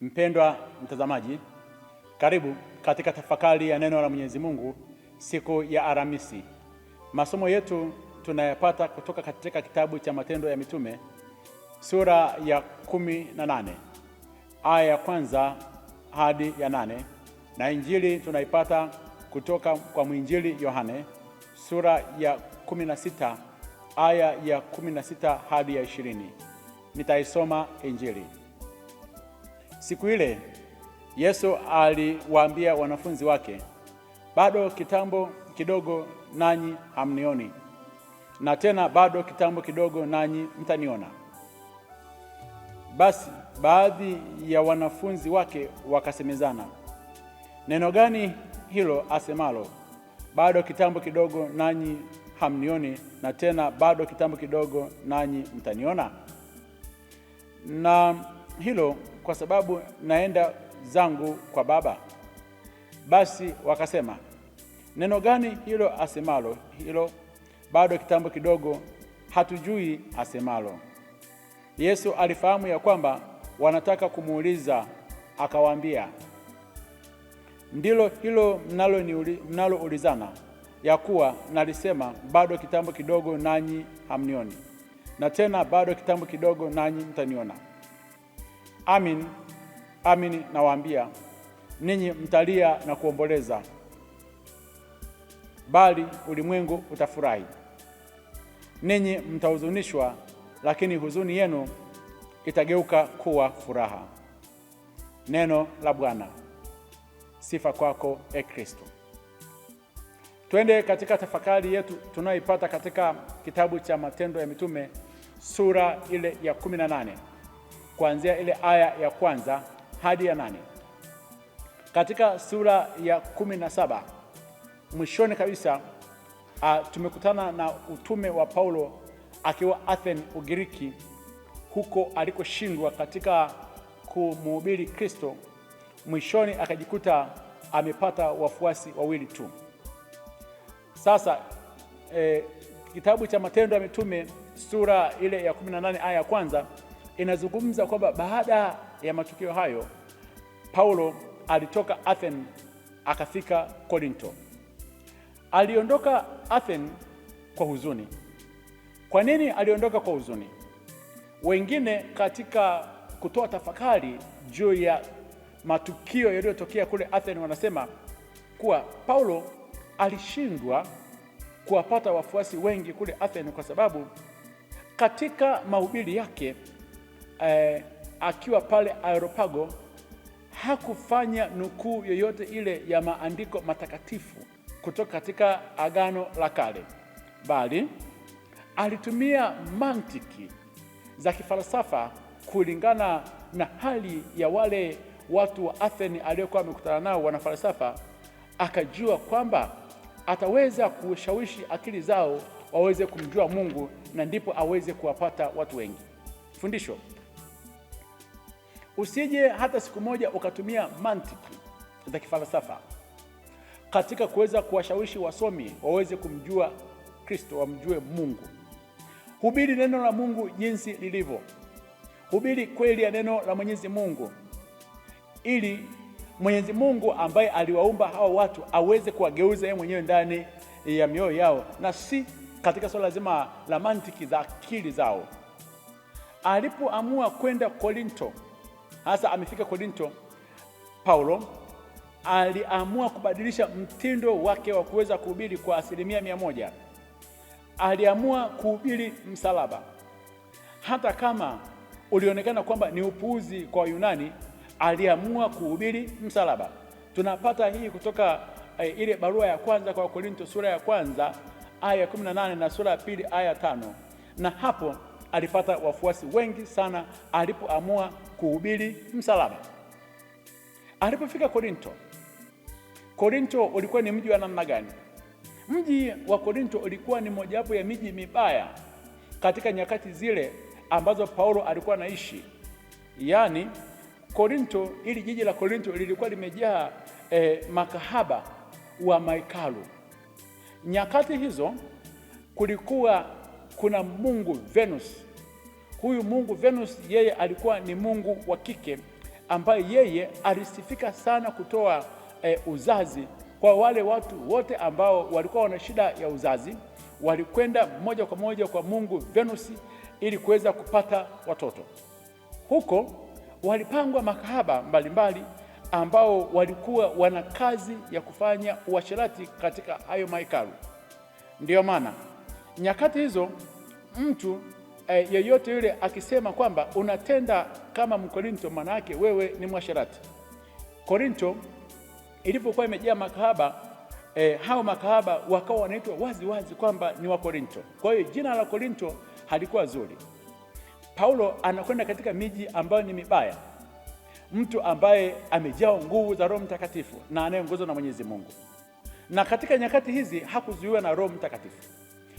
Mpendwa mtazamaji, karibu katika tafakari ya neno la Mwenyezi Mungu siku ya Alhamisi. Masomo yetu tunayapata kutoka katika kitabu cha Matendo ya Mitume sura ya kumi na nane aya ya kwanza hadi ya nane na Injili tunaipata kutoka kwa mwinjili Yohane sura ya kumi na sita aya ya kumi na sita hadi ya ishirini Nitaisoma Injili. Siku ile Yesu aliwaambia wanafunzi wake, bado kitambo kidogo nanyi hamnioni, na tena bado kitambo kidogo nanyi mtaniona. Basi baadhi ya wanafunzi wake wakasemezana, neno gani hilo asemalo, bado kitambo kidogo nanyi hamnioni, na tena bado kitambo kidogo nanyi mtaniona? na hilo kwa sababu naenda zangu kwa Baba. Basi wakasema, neno gani hilo asemalo hilo? Bado kitambo kidogo, hatujui asemalo. Yesu alifahamu ya kwamba wanataka kumuuliza, akawaambia, ndilo hilo mnaloulizana mnalo ya kuwa nalisema, bado kitambo kidogo nanyi hamnioni, na tena bado kitambo kidogo nanyi mtaniona. Amin, amin nawaambia ninyi, mtalia na kuomboleza, bali ulimwengu utafurahi. Ninyi mtahuzunishwa, lakini huzuni yenu itageuka kuwa furaha. Neno la Bwana. Sifa kwako e Kristo. Twende katika tafakari yetu tunayoipata katika kitabu cha Matendo ya Mitume sura ile ya kumi na nane kuanzia ile aya ya kwanza hadi ya nane katika sura ya kumi na saba mwishoni kabisa a, ah, tumekutana na utume wa Paulo akiwa Athens Ugiriki, huko alikoshindwa katika kumhubiri Kristo. Mwishoni akajikuta amepata wafuasi wawili tu. Sasa e, kitabu cha Matendo ya Mitume sura ile ya 18 aya ya kwanza inazungumza kwamba baada ya matukio hayo Paulo alitoka athen akafika Korinto. Aliondoka athen kwa huzuni. Kwa nini aliondoka kwa huzuni? Wengine katika kutoa tafakari juu ya matukio yaliyotokea kule athen wanasema kuwa Paulo alishindwa kuwapata wafuasi wengi kule athen kwa sababu katika mahubiri yake eh, akiwa pale Areopago hakufanya nukuu yoyote ile ya maandiko matakatifu kutoka katika Agano la Kale, bali alitumia mantiki za kifalsafa kulingana na hali ya wale watu wa Atheni aliyokuwa amekutana nao, wana falsafa. Akajua kwamba ataweza kushawishi akili zao waweze kumjua Mungu na ndipo aweze kuwapata watu wengi. Fundisho Usije hata siku moja ukatumia mantiki za kifalsafa katika kuweza kuwashawishi wasomi waweze kumjua Kristo, wamjue Mungu. Hubiri neno la Mungu jinsi lilivyo, hubiri kweli ya neno la Mwenyezi Mungu ili Mwenyezi Mungu ambaye aliwaumba hawa watu aweze kuwageuza yeye mwenyewe ndani ya mioyo yao, na si katika swala zima la mantiki za akili zao. Alipoamua kwenda Korinto hasa amefika Korinto, Paulo aliamua kubadilisha mtindo wake wa kuweza kuhubiri kwa asilimia mia moja. Aliamua kuhubiri msalaba, hata kama ulionekana kwamba ni upuuzi kwa Yunani, aliamua kuhubiri msalaba. Tunapata hii kutoka e, ile barua ya kwanza kwa Korinto sura ya kwanza aya 18 na sura ya pili aya tano na hapo alipata wafuasi wengi sana alipoamua kuhubiri msalaba. Alipofika Korinto, Korinto ulikuwa ni mji wa namna gani? Mji wa Korinto ulikuwa ni mojawapo ya miji mibaya katika nyakati zile ambazo Paulo alikuwa anaishi. Yaani Korinto, ili jiji la Korinto lilikuwa limejaa eh, makahaba wa mahekalu. Nyakati hizo kulikuwa kuna mungu Venus. Huyu mungu Venus yeye alikuwa ni mungu wa kike ambaye yeye alisifika sana kutoa e, uzazi kwa wale watu wote ambao walikuwa wana shida ya uzazi, walikwenda moja kwa moja kwa mungu Venus ili kuweza kupata watoto. Huko walipangwa makahaba mbalimbali ambao walikuwa wana kazi ya kufanya uasherati katika hayo mahekalu. Ndiyo maana nyakati hizo mtu eh, yeyote yule akisema kwamba unatenda kama Mkorinto, maana yake wewe ni mwasharati Korinto ilipokuwa imejaa makahaba eh, hao makahaba wakawa wanaitwa wazi wazi kwamba ni Wakorinto. Kwa hiyo jina la Korinto halikuwa zuri. Paulo anakwenda katika miji ambayo ni mibaya, mtu ambaye amejaa nguvu za Roho Mtakatifu na anayeongozwa na Mwenyezi Mungu, na katika nyakati hizi hakuzuiwa na Roho Mtakatifu.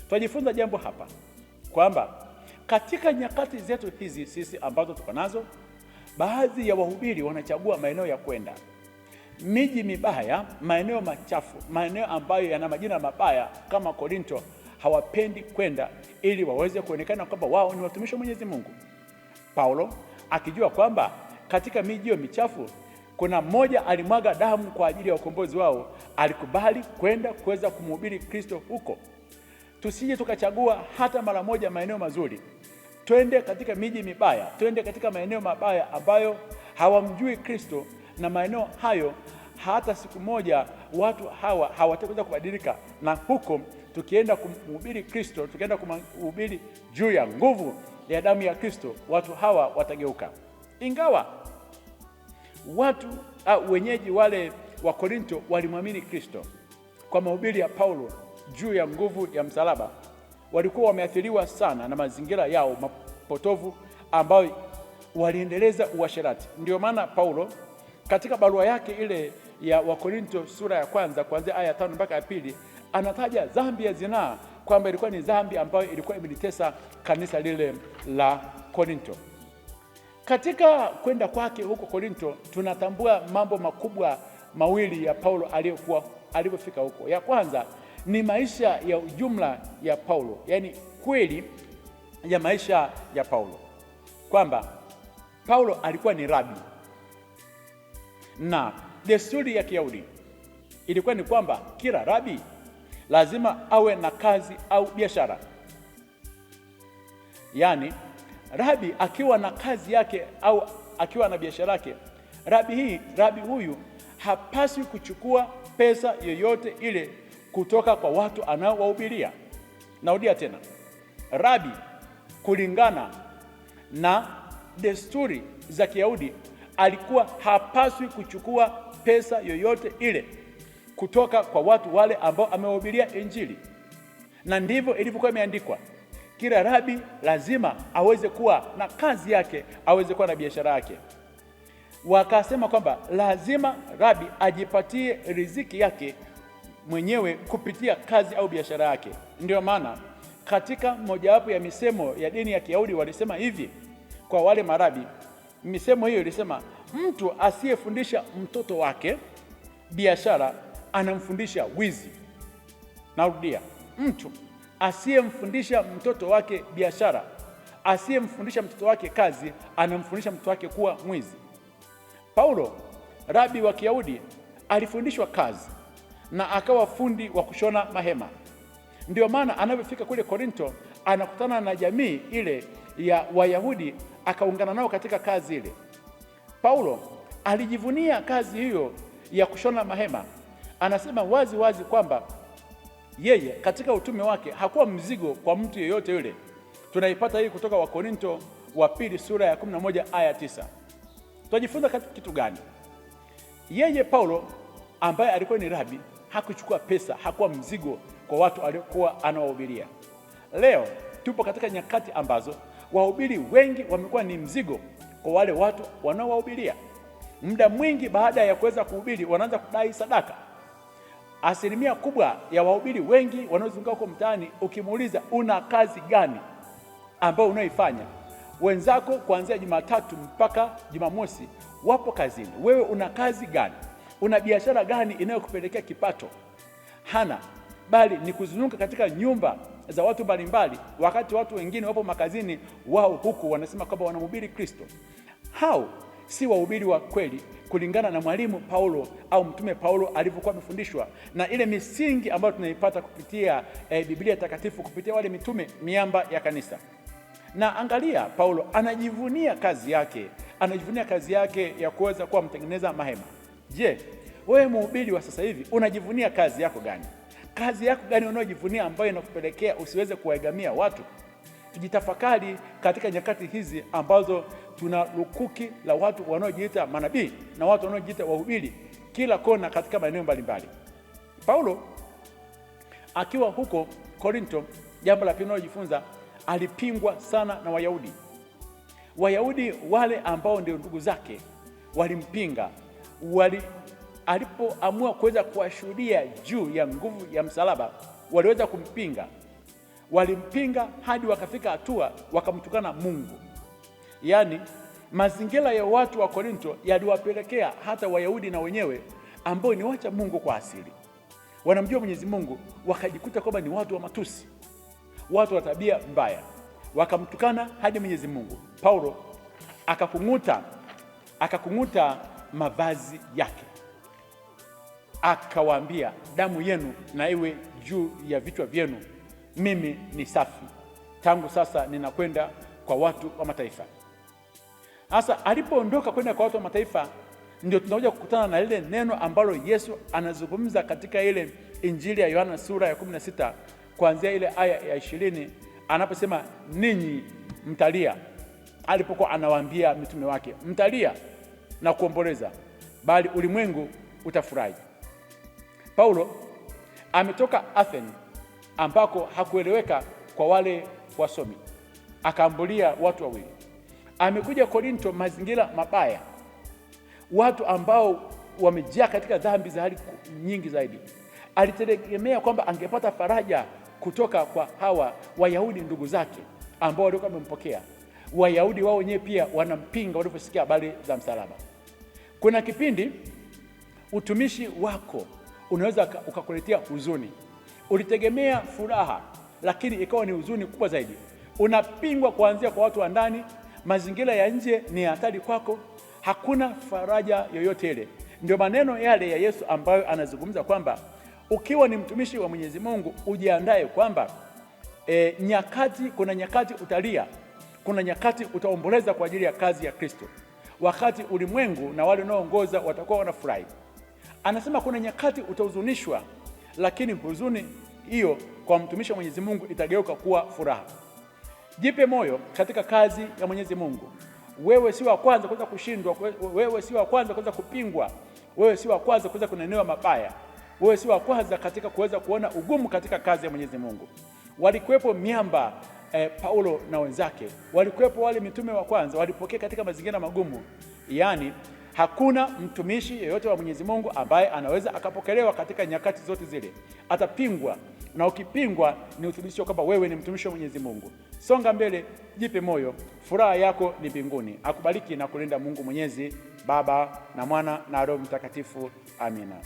Tunajifunza jambo hapa kwamba katika nyakati zetu hizi sisi ambazo tuko nazo, baadhi ya wahubiri wanachagua maeneo ya kwenda, miji mibaya, maeneo machafu, maeneo ambayo yana majina mabaya kama Korinto hawapendi kwenda ili waweze kuonekana kwamba wao ni watumishi wa Mwenyezi Mungu. Paulo akijua kwamba katika miji hiyo michafu kuna mmoja alimwaga damu kwa ajili ya ukombozi wao, alikubali kwenda kuweza kumhubiri Kristo huko. Tusije tukachagua hata mara moja maeneo mazuri, twende katika miji mibaya, twende katika maeneo mabaya ambayo hawamjui Kristo, na maeneo hayo hata siku moja watu hawa hawataweza kubadilika, na huko tukienda kumhubiri Kristo, tukienda kumhubiri juu ya nguvu ya damu ya Kristo, watu hawa watageuka. Ingawa watu uh, wenyeji wale wa Korinto walimwamini Kristo kwa mahubiri ya Paulo juu ya nguvu ya msalaba walikuwa wameathiriwa sana na mazingira yao mapotovu ambayo waliendeleza uasherati. ndio maana Paulo katika barua yake ile ya Wakorinto sura ya kwanza kuanzia aya ya tano mpaka ya pili anataja dhambi ya zinaa kwamba ilikuwa ni dhambi ambayo ilikuwa imelitesa kanisa lile la Korinto. Katika kwenda kwake huko Korinto tunatambua mambo makubwa mawili ya Paulo aliyokuwa alipofika huko. Ya kwanza ni maisha ya ujumla ya Paulo, yaani kweli ya maisha ya Paulo, kwamba Paulo alikuwa ni rabi na desturi ya Kiyahudi ilikuwa ni kwamba kila rabi lazima awe na kazi au biashara. Yaani rabi akiwa na kazi yake au akiwa na biashara yake, rabi hii rabi huyu hapaswi kuchukua pesa yoyote ile kutoka kwa watu anaowahubiria. Narudia tena, rabi, kulingana na desturi za Kiyahudi, alikuwa hapaswi kuchukua pesa yoyote ile kutoka kwa watu wale ambao amewahubiria Injili, na ndivyo ilivyokuwa imeandikwa. Kila rabi lazima aweze kuwa na kazi yake, aweze kuwa na biashara yake. Wakasema kwamba lazima rabi ajipatie riziki yake mwenyewe kupitia kazi au biashara yake. Ndiyo maana katika mojawapo ya misemo ya dini ya Kiyahudi walisema hivi kwa wale marabi, misemo hiyo ilisema, mtu asiyefundisha mtoto wake biashara anamfundisha wizi. Narudia, mtu asiyemfundisha mtoto wake biashara, asiyemfundisha mtoto wake kazi, anamfundisha mtoto wake kuwa mwizi. Paulo, rabi wa Kiyahudi, alifundishwa kazi na akawa fundi wa kushona mahema. Ndiyo maana anavyofika kule Korinto anakutana na jamii ile ya Wayahudi akaungana nao katika kazi ile. Paulo alijivunia kazi hiyo ya kushona mahema. Anasema wazi wazi kwamba yeye katika utume wake hakuwa mzigo kwa mtu yeyote yule. Tunaipata hii kutoka Wakorinto wa pili sura ya 11 aya 9. Tunajifunza kitu gani? Yeye Paulo ambaye alikuwa ni rabi hakuchukua pesa, hakuwa mzigo kwa watu aliokuwa anawahubiria. Leo tupo katika nyakati ambazo wahubiri wengi wamekuwa ni mzigo kwa wale watu wanaowahubiria. Muda mwingi baada ya kuweza kuhubiri, wanaanza kudai sadaka. Asilimia kubwa ya wahubiri wengi wanaozunguka huko mtaani, ukimuuliza una kazi gani ambayo unaoifanya, wenzako kuanzia Jumatatu mpaka Jumamosi wapo kazini. Wewe una kazi gani? Una biashara gani inayokupelekea kipato? Hana, bali ni kuzunguka katika nyumba za watu mbalimbali, wakati watu wengine wapo makazini wao, huku wanasema kwamba wanamhubiri Kristo. Hao si wahubiri wa kweli kulingana na mwalimu Paulo au mtume Paulo alivyokuwa amefundishwa na ile misingi ambayo tunaipata kupitia e, Biblia takatifu kupitia wale mitume, miamba ya kanisa. Na angalia, Paulo anajivunia kazi yake, anajivunia kazi yake ya kuweza kuwa mtengeneza mahema. Je, wewe mhubiri wa sasa hivi unajivunia kazi yako gani? Kazi yako gani unayojivunia ambayo inakupelekea usiweze kuwaegamia watu? Tujitafakari katika nyakati hizi ambazo tuna lukuki la watu wanaojiita manabii na watu wanaojiita wahubiri kila kona katika maeneo mbalimbali. Paulo akiwa huko Korinto, jambo la pili unalojifunza, alipingwa sana na Wayahudi. Wayahudi wale ambao ndio ndugu zake walimpinga wali alipoamua kuweza kuwashuhudia juu ya nguvu ya msalaba, waliweza kumpinga, walimpinga hadi wakafika hatua wakamtukana Mungu. Yaani mazingira ya watu wa Korinto yaliwapelekea hata Wayahudi na wenyewe ambao ni wacha Mungu kwa asili, wanamjua Mwenyezi Mungu, wakajikuta kwamba ni watu wa matusi, watu wa tabia mbaya, wakamtukana hadi Mwenyezi Mungu. Paulo akakung'uta akakung'uta mavazi yake, akawaambia, damu yenu na iwe juu ya vichwa vyenu. Mimi ni safi, tangu sasa ninakwenda kwa watu wa mataifa. Sasa alipoondoka kwenda kwa watu wa mataifa, ndio tunakuja kukutana na lile neno ambalo Yesu anazungumza katika ile Injili ya Yohana sura ya 16 kuanzia ile aya ya ishirini anaposema ninyi mtalia, alipokuwa anawaambia mitume wake mtalia na kuomboleza, bali ulimwengu utafurahi. Paulo ametoka Athens ambako hakueleweka kwa wale wasomi, akaambulia watu wawili. Amekuja Korinto, mazingira mabaya, watu ambao wamejaa katika dhambi za hali nyingi zaidi. Alitegemea kwamba angepata faraja kutoka kwa hawa Wayahudi ndugu zake ambao walikuwa wamempokea. Wayahudi wao wenyewe pia wanampinga waliposikia habari za msalaba. Kuna kipindi utumishi wako unaweza ukakuletea huzuni. Ulitegemea furaha, lakini ikawa ni huzuni kubwa zaidi. Unapingwa kuanzia kwa watu wa ndani, mazingira ya nje ni hatari kwako, hakuna faraja yoyote ile. Ndio maneno yale ya Yesu ambayo anazungumza kwamba ukiwa ni mtumishi wa Mwenyezi Mungu ujiandae kwamba e, nyakati kuna nyakati utalia, kuna nyakati utaomboleza kwa ajili ya kazi ya Kristo wakati ulimwengu na wale wanaoongoza watakuwa wanafurahi. Anasema kuna nyakati utahuzunishwa, lakini huzuni hiyo kwa mtumishi wa Mwenyezi Mungu itageuka kuwa furaha. Jipe moyo katika kazi ya Mwenyezi Mungu. Wewe si wa kwanza kuweza kushindwa, wewe si wa kwanza kuweza kupingwa, wewe si wa kwanza kuweza kunenewa mabaya, wewe si wa kwanza katika kuweza kuona ugumu katika kazi ya Mwenyezi Mungu. Walikuwepo miamba eh, Paulo na wenzake walikuwepo, wale mitume wa kwanza walipokea katika mazingira magumu, yaani hakuna mtumishi yeyote wa Mwenyezi Mungu ambaye anaweza akapokelewa katika nyakati zote zile, atapingwa na ukipingwa ni uthibitisho kwamba wewe ni mtumishi wa Mwenyezi Mungu. Songa mbele, jipe moyo, furaha yako ni mbinguni. Akubariki na kulinda Mungu Mwenyezi, Baba na Mwana na Roho Mtakatifu. Amina.